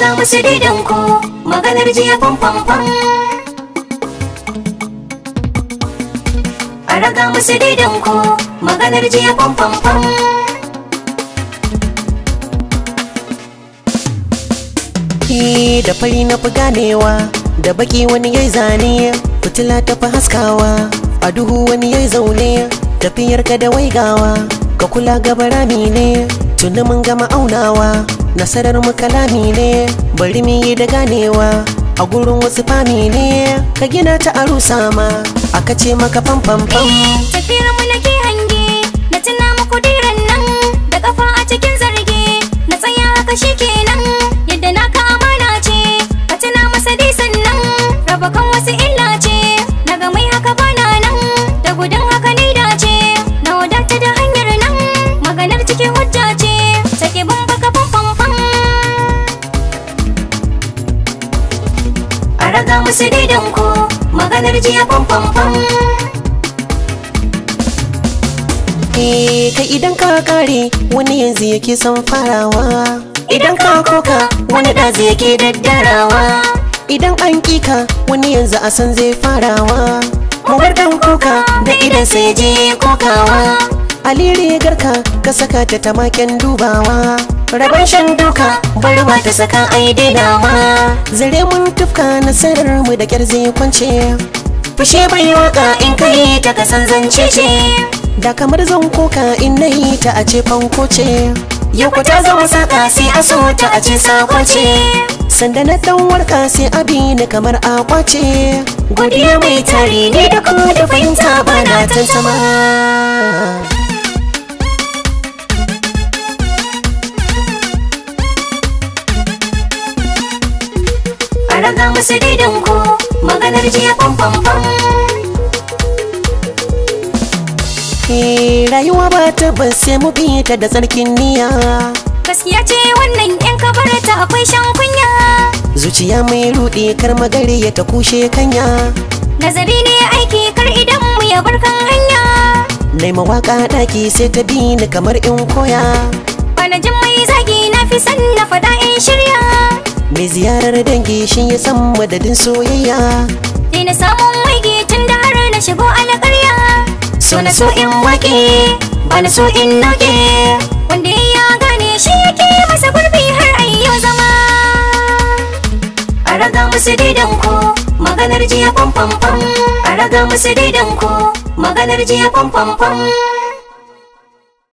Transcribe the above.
ga musu ku maganar jiya fam a raga musu ku maganar jiya famfamfam da fari na fi ganewa da baki wani yai zane fitila ta fi haskawa a duhu wani yai zaune tafiyarka da waigawa ka kula ga barami ne tuni mun gama aunawa nasarar mu kalami ne bari mu yi da ganewa a gurin wasu fami ka gina ta a sama, aka ce maka fam fam fam tafiyar mu ke hange na tuna muku diran nan da kafa a cikin zarge na tsaya haka shike raga musu daidan ku maganar jiya fam fam fam eh, ka idan ka kare wani yanzu yake son farawa idan ka koka wani zai yake daddarawa idan an kika wani yanzu a san zai farawa bar dan kuka da idan sai je kokawa aliri garka ka saka ta tamaken dubawa rabon shan duka barwa ta saka ai ma zare mun tufka nasarar mu da kyar zai kwance fushe bai waka in kai ta kasan zance ce da kamar zan koka in nayi ta a ce fanko ce yau ta zama saka sai a so ta a ce sako ce sanda na dan warka sai abi ne kamar akwa ce godiya mai tare ne da kuma da fahimta bana sama. raga musu ku, maganar jiya pam pam pam eh, rayuwa ba ta ba sai mu bi ta da tsarkin niyya gaskiya ce wannan yan ta akwai shan kunya zuciya mai rudi kar magare ya ta kushe kanya nazari ne aiki kar idan mu ya barkan hanya nai mawaka daki sai ta bi ni kamar in koya bana jin mai zagi na fi san na fada in shirya Mai ziyarar dangi shi ya san madadin soyayya. Sai na samun waige tun da har na shigo alƙarya. So na so in waƙe, ba na so in noke. Wanda ya gane shi yake masa gurbi har a yau zama. A raga musu daidan maganar jiya fam fam fam. A raga musu daidan ko maganar jiya fam fam fam.